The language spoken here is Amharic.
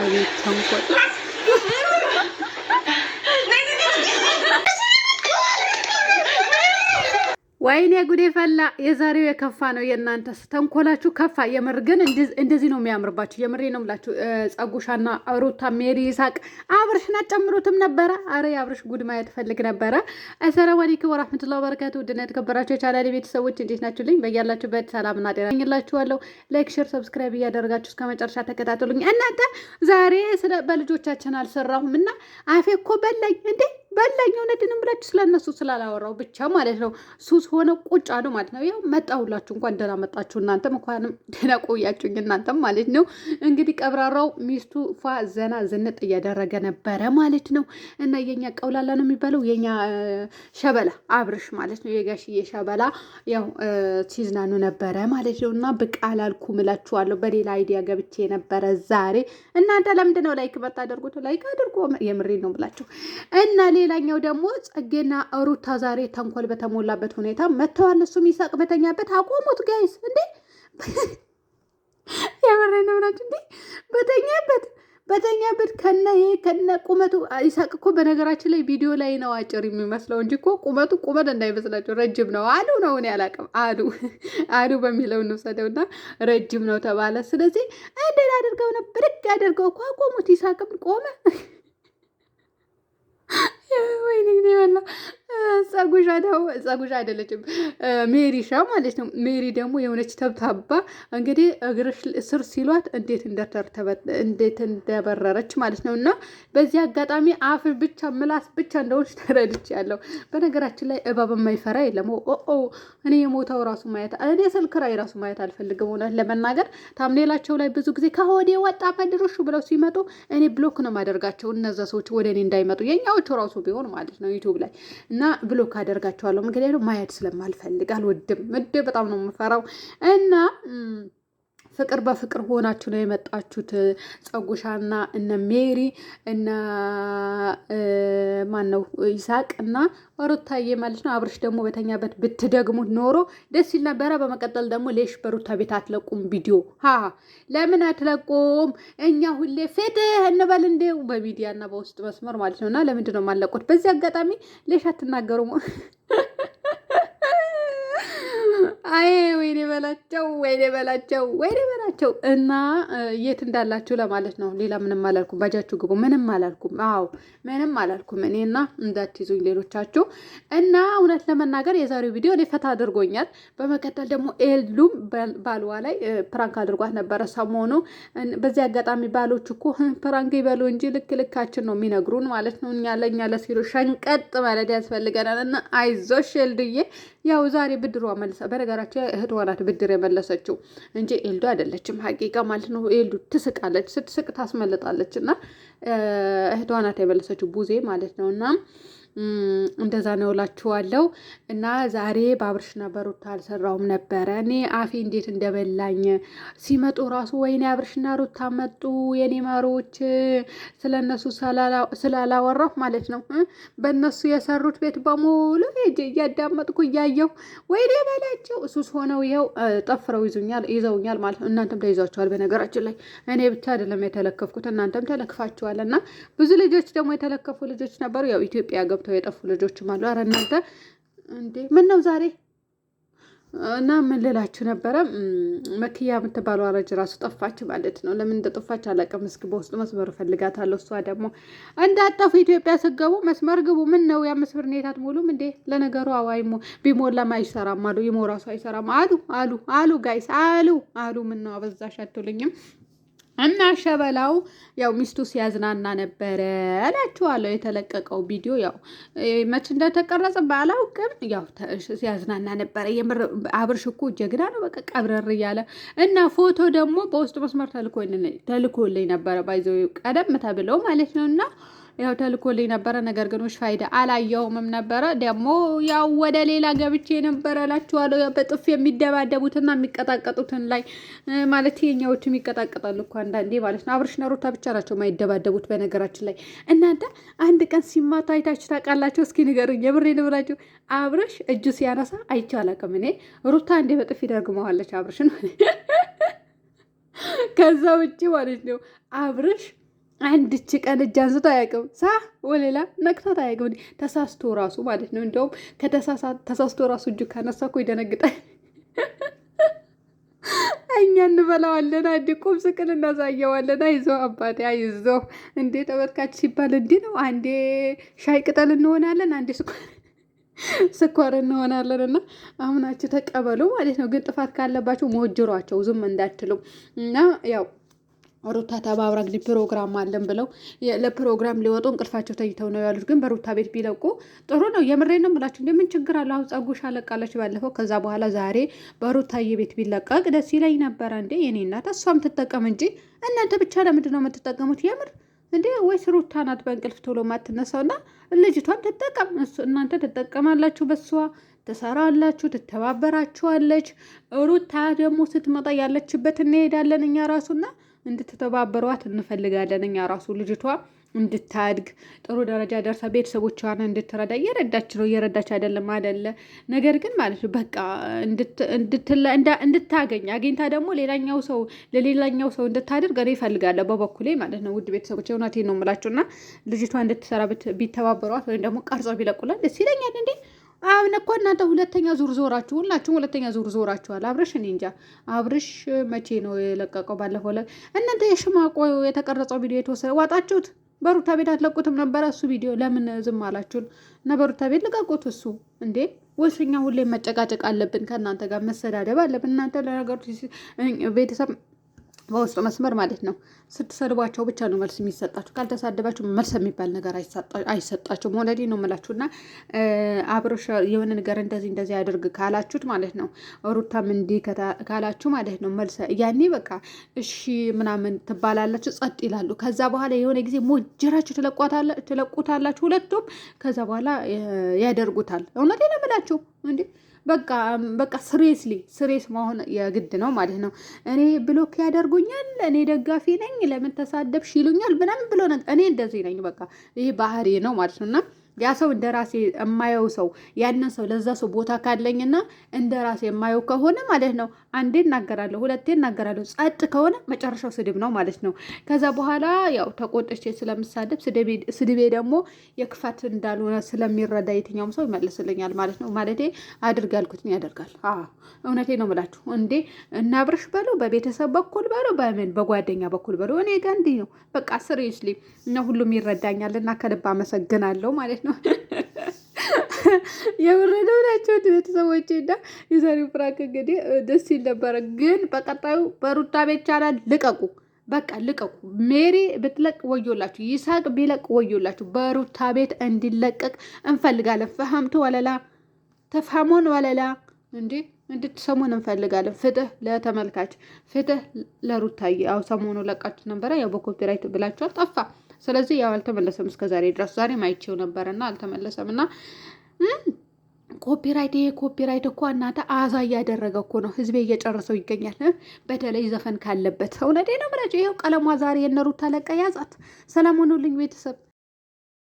নারীর সংকট ወይኔ ጉዴ ፈላ። የዛሬው የከፋ ነው። የእናንተስ ተንኮላችሁ ከፋ። የምር ግን እንደዚህ ነው የሚያምርባችሁ። የምሬ ነው የምላችሁ። ጸጉሻና ሩታ ሜሪ ይሳቅ አብርሽን አጨምሩትም ነበረ። አረ የአብርሽ ጉድ ማየት ፈልግ ነበረ። አሰላሙ አለይኩም ወራህመቱላሂ ወበረካቱ። ውድና የተከበራችሁ የቻናሌ ቤተሰቦች እንዴት ናችሁልኝ? በያላችሁበት ሰላምና ጤና እመኝላችኋለሁ። ላይክ፣ ሼር፣ ሰብስክራይብ እያደረጋችሁ እስከ መጨረሻ ተከታተሉኝ። እናንተ ዛሬ ስለ በልጆቻችን አልሰራሁም እና አፌ እኮ በላኝ እንዴ በላኝ እውነትን ብላችሁ ስለነሱ ስላላወራው ብቻ ማለት ነው። ሱስ ሆነ ቁጭ አሉ ማለት ነው። ያው መጣሁላችሁ፣ እንኳን ደህና መጣችሁ። እናንተም እንኳንም ደህና ቆያችሁኝ እናንተም ማለት ነው። እንግዲህ ቀብራራው ሚስቱ ፋ ዘና ዝንጥ እያደረገ ነበረ ማለት ነው። እና የኛ ቀውላላ ነው የሚባለው የኛ ሸበላ አብርሽ ማለት ነው። የጋሽዬ ሸበላ ያው ሲዝናኑ ነበረ ማለት ነው። እና ብቅ አላልኩም እላችኋለሁ። በሌላ አይዲያ ገብቼ ነበረ ዛሬ። እናንተ ለምንድን ላይክ በታደርጉት? ላይክ አድርጎ የምሬ ነው ብላችሁ እና ሌላኛው ደግሞ ጽጌና ሩታ ዛሬ ተንኮል በተሞላበት ሁኔታ መጥተዋል። እሱም ይሳቅ በተኛበት አቆሙት። ጋይስ እንዴ ያበረ ነብራችሁ እንዴ በተኛበት በተኛበት ከነ ይሄ ከነ ቁመቱ ይሳቅ እኮ በነገራችን ላይ ቪዲዮ ላይ ነው አጭር የሚመስለው እንጂ እኮ ቁመቱ ቁመት እንዳይመስላቸው ረጅም ነው አሉ ነው እኔ አላውቅም። አሉ አሉ በሚለው እንውሰደው እንውሰደውና ረጅም ነው ተባለ። ስለዚህ እንዴት አድርገው ነው ብድግ አድርገው እኮ አቆሙት። ይሳቅም ቆመ። 我一点都不冷。ፀጉዣ ደግሞ ፀጉዣ አይደለችም ሜሪሻ ማለት ነው። ሜሪ ደግሞ የሆነች ተብታባ እንግዲህ እግርሽ ስር ሲሏት እንዴት እንዴት እንደበረረች ማለት ነው። እና በዚህ አጋጣሚ አፍ ብቻ ምላስ ብቻ እንደሆነች ተረድቻለሁ። በነገራችን ላይ እባብ የማይፈራ የለም። ኦ እኔ የሞተው ራሱ ማየት እኔ ስልክ ራይ ራሱ ማየት አልፈልግም። እውነት ለመናገር ታምኔላቸው ላይ ብዙ ጊዜ ከሆዴ ወጣ መድሮሹ ብለው ሲመጡ እኔ ብሎክ ነው ማደርጋቸው እነዛ ሰዎች ወደ እኔ እንዳይመጡ የኛዎቹ ራሱ ቢሆን ማለት ነው ዩቱብ ላይ እና ብሎክ አደርግ አደርጋቸዋለሁ። ምክንያቱም ማየት ስለማልፈልግ አልወድም። ምድ በጣም ነው የምፈራው እና ፍቅር በፍቅር ሆናችሁ ነው የመጣችሁት። ፀጉሻና እነ ሜሪ እነ ማን ነው ይሳቅ እና ሩታዬ ማለት ነው። አብርሽ ደግሞ በተኛበት ብትደግሙት ኖሮ ደስ ይል ነበረ። በመቀጠል ደግሞ ሌሽ በሩታ ቤት አትለቁም ቪዲዮ ሀ ለምን አትለቁም? እኛ ሁሌ ፍትህ እንበል እንዴ በሚዲያ እና በውስጥ መስመር ማለት ነው። እና ለምንድን ነው የማለቁት? በዚህ አጋጣሚ ሌሽ አትናገሩም? አይ በላቸው ወይኔ በላቸው ወይኔ በላቸው። እና የት እንዳላችሁ ለማለት ነው። ሌላ ምንም አላልኩም። ባጃችሁ ግቡ። ምንም አላልኩም። አዎ ምንም አላልኩም። እኔ እና እንዳትይዙኝ ሌሎቻችሁ። እና እውነት ለመናገር የዛሬው ቪዲዮ እኔ ፈታ አድርጎኛል። በመቀጠል ደግሞ ኤልዱም ባልዋ ላይ ፕራንክ አድርጓት ነበረ ሰሞኑ። በዚህ አጋጣሚ ባሎች እኮ ፕራንክ ይበሉ እንጂ ልክ ልካችን ነው የሚነግሩን ማለት ነው። እኛ ለእኛ ለሲሉ ሸንቀጥ ማለት ያስፈልገናል። እና አይዞሽ ኤልድዬ ያው ዛሬ ብድሯ መልሳ በነገራቸው እህት ሆናት ብድር የመለሰችው እንጂ ኤልዱ አይደለችም። ሀቂቃ ማለት ነው። ኤልዱ ትስቃለች፣ ስትስቅ ታስመልጣለች። እና እህቷ ናት የመለሰችው ቡዜ ማለት ነው እና እንደዛ ነው እላችኋለሁ። እና ዛሬ በአብርሽና በሩታ አልሰራውም ነበረ። እኔ አፌ እንዴት እንደበላኝ ሲመጡ ራሱ ወይኔ አብርሽና ሩታ መጡ የኔ ማሮች፣ ስለነሱ ስላላወራሁ ማለት ነው። በእነሱ የሰሩት ቤት በሙሉ እያዳመጥኩ እያየሁ ወይኔ በላቸው። እሱስ ሆነው ይኸው ጠፍረው ይዙኛል ይዘውኛል ማለት ነው። እናንተም ተይዟቸዋል። በነገራችን ላይ እኔ ብቻ አይደለም የተለከፍኩት፣ እናንተም ተለክፋችኋል። እና ብዙ ልጆች ደግሞ የተለከፉ ልጆች ነበሩ ያው ኢትዮጵያ ገብ ገብተው የጠፉ ልጆችም አሉ። አረ እናንተ እንዴ! ምን ነው ዛሬ እና ምን ልላችሁ ነበረ፣ መክያ የምትባለው አረጅ ራሱ ጠፋች ማለት ነው። ለምን እንደጠፋች አላውቅም። እስኪ በውስጡ መስመር እፈልጋታለሁ። እሷ ደግሞ እንዳጠፉ ኢትዮጵያ ስገቡ መስመር ግቡ። ምን ነው የአምስት ብር ኔታት ሙሉም እንዴ? ለነገሩ አዋይ ቢሞላም አይሰራም አሉ። ይሞ ራሱ አይሰራም አሉ አሉ አሉ ጋይስ አሉ አሉ። ምን ነው አበዛሽ አትሉኝም? እና ሸበላው ያው ሚስቱ ሲያዝናና ነበረ እላችኋለሁ። የተለቀቀው ቪዲዮ ያው መች እንደተቀረጸ ባላውቅም ያው ሲያዝናና ነበረ። የምር አብርሽ እኮ ጀግና ነው፣ በቃ ቀብረር እያለ እና ፎቶ ደግሞ በውስጥ መስመር ተልኮልኝ ነበረ ባይዘው ቀደም ተብለው ማለት ነው እና ያው ተልኮልኝ ነበረ። ነገር ግን ውሽ ፋይዳ አላየውምም ነበረ። ደግሞ ያው ወደ ሌላ ገብቼ ነበረ እላችኋለሁ። በጥፍ የሚደባደቡትና የሚቀጣቀጡትን ላይ ማለት የኛዎቹ የሚቀጣቀጣሉ እኮ አንዳንዴ ማለት ነው። አብርሽና ሩታ ብቻ ናቸው የማይደባደቡት በነገራችን ላይ። እናንተ አንድ ቀን ሲማቱ አይታችሁ ታውቃላችሁ? እስኪ ንገሩኝ። የብሬ ንብላችሁ አብርሽ እጁ ሲያነሳ አይቼ አላውቅም እኔ። ሩታ እንዴ በጥፍ ደግመዋለች አብርሽን ከዛ ውጭ ማለት ነው አብርሽ አንድች ቀን እጅ አንስቶ አያውቅም። ሳ ወሌላ ነቅታት አያውቅም። ተሳስቶ ራሱ ማለት ነው። እንዲያውም ተሳስቶ ራሱ እጁ ካነሳ እኮ ይደነግጣል። እኛ እንበላዋለን። አንድ ቁም ስቅል እናሳየዋለን። አይዞ አባቴ አይዞ። እንዴ ተመልካች ሲባል እንዲ ነው። አንዴ ሻይ ቅጠል እንሆናለን፣ አንዴ ስኳር እንሆናለን። እና አምናችሁ ተቀበሉ ማለት ነው። ግን ጥፋት ካለባቸው መወጀሯቸው ዝም እንዳትሉ እና ያው ሩታ ተባብራ እንግዲህ ፕሮግራም አለን ብለው ለፕሮግራም ሊወጡ እንቅልፋቸው ተኝተው ነው ያሉት። ግን በሩታ ቤት ቢለቁ ጥሩ ነው። የምሬ ነው የምላችሁ። እንደምን ችግር አለ? አሁን ጸጉሽ አለቃለች ባለፈው። ከዛ በኋላ ዛሬ በሩታዬ ቤት ቢለቀቅ ደስ ይለኝ ነበረ። እንዴ የኔ እናት፣ እሷም ትጠቀም እንጂ እናንተ ብቻ ለምንድን ነው የምትጠቀሙት? የምር እንዴ ወይስ ሩታ ናት በእንቅልፍ ቶሎ ማትነሳውና ልጅቷም ትጠቀም። እናንተ ትጠቀማላችሁ በሷ ትሰራላችሁ ትተባበራችኋለች። ሩታ ደግሞ ስትመጣ ያለችበት እንሄዳለን እኛ ራሱና እንድትተባበሯት እንፈልጋለን። እኛ ራሱ ልጅቷ እንድታድግ ጥሩ ደረጃ ደርሳ ቤተሰቦቿን እንድትረዳ እየረዳች ነው። እየረዳች አይደለም አደለ። ነገር ግን ማለት በቃ እንድታገኝ አግኝታ ደግሞ ሌላኛው ሰው ለሌላኛው ሰው እንድታደርግ እኔ እፈልጋለሁ በበኩሌ ማለት ነው። ውድ ቤተሰቦች እውነቴን ነው የምላችሁ እና ልጅቷ እንድትሰራ ቢተባበሯት ወይም ደግሞ ቀርጾ ቢለቁላት ደስ ይለኛል እንዴ አሁን እኮ እናንተ ሁለተኛ ዙር ዞራችሁ ሁላችሁም ሁለተኛ ዙር ዞራችኋል። አብርሽ እኔ እንጃ አብርሽ መቼ ነው የለቀቀው? ባለፈው ላይ እናንተ የሽማቆ የተቀረጸው ቪዲዮ የተወሰደ ዋጣችሁት። በሩታ ቤት አትለቁትም ነበረ? እሱ ቪዲዮ ለምን ዝም አላችሁን? እና በሩታ ቤት ልቀቁት። እሱ እንዴ ወስኛ ሁሌ መጨቃጨቅ አለብን? ከእናንተ ጋር መሰዳደብ አለብን? እናንተ ለነገሩ ቤተሰብ በውስጡ መስመር ማለት ነው። ስትሰድቧቸው ብቻ ነው መልስ የሚሰጣቸው። ካልተሳደባችሁ መልስ የሚባል ነገር አይሰጣችሁም። ወለዲ ነው የምላችሁ። እና አብሮሽ የሆነ ነገር እንደዚህ እንደዚህ ያደርግ ካላችሁት ማለት ነው፣ ሩታም እንዲህ ካላችሁ ማለት ነው መልስ ያኔ በቃ እሺ ምናምን ትባላላችሁ፣ ጸጥ ይላሉ። ከዛ በኋላ የሆነ ጊዜ ሞጀራችሁ ትለቁታላችሁ ሁለቱም። ከዛ በኋላ ያደርጉታል። እውነቴ ነው የምላችሁ እንዴ በቃ በቃ ስሬስሊ ስሬስ መሆን የግድ ነው ማለት ነው። እኔ ብሎክ ያደርጉኛል፣ እኔ ደጋፊ ነኝ፣ ለምን ተሳደብሽ ይሉኛል ምናምን ብሎ እኔ እንደዚህ ነኝ። በቃ ይህ ባህሪ ነው ማለት ነው እና ያ ሰው እንደ ራሴ የማየው ሰው ያንን ሰው ለዛ ሰው ቦታ ካለኝና እንደ ራሴ የማየው ከሆነ ማለት ነው አንዴ እናገራለሁ፣ ሁለቴ እናገራለሁ። ጸጥ ከሆነ መጨረሻው ስድብ ነው ማለት ነው። ከዛ በኋላ ያው ተቆጥቼ ስለምሳደብ ስድቤ ደግሞ የክፋት እንዳልሆነ ስለሚረዳ የትኛውም ሰው ይመልስልኛል ማለት ነው። ማለቴ አድርግ ያልኩትን ያደርጋል። እውነቴ ነው ምላችሁ እንዴ እናብርሽ በለው፣ በቤተሰብ በኩል በለው፣ በምን በጓደኛ በኩል በለው፣ እኔ ጋ እንዲህ ነው በቃ ስሪየስሊ እና ሁሉም ይረዳኛል እና ከልብ አመሰግናለሁ ማለት ነው። የምሬ ነው ናቸው ቤተሰቦቼ። እና የዛሬው ፍራንክ እንግዲህ ደስ ይል ነበረ፣ ግን በቀጣዩ በሩታ ቤት ቻናል ልቀቁ። በቃ ልቀቁ። ሜሪ ብትለቅ ወዮላችሁ፣ ይሳቅ ቢለቅ ወዮላችሁ። በሩታ ቤት እንዲለቀቅ እንፈልጋለን። ፈሀምቱ ወለላ ተፋሞን ወለላ እንዲ እንድትሰሙን እንፈልጋለን። ፍትህ ለተመልካች፣ ፍትህ ለሩታዬ። ያው ሰሞኑ ለቃችሁ ነበረ፣ ያው በኮፒራይት ብላችኋል ጠፋ። ስለዚህ ያው አልተመለሰም እስከ ዛሬ ድረስ። ዛሬም አይቼው ነበረና አልተመለሰም እና ኮፒራይት ይሄ ኮፒራይት እኮ እናንተ አዛ እያደረገ እኮ ነው ህዝቤ እየጨረሰው ይገኛል። በተለይ ዘፈን ካለበት እውነቴ ነው ብላችሁ ይኸው ቀለሟ ዛሬ የነሩት ታለቀ ያዛት። ሰላም ሆኖልኝ ቤተሰብ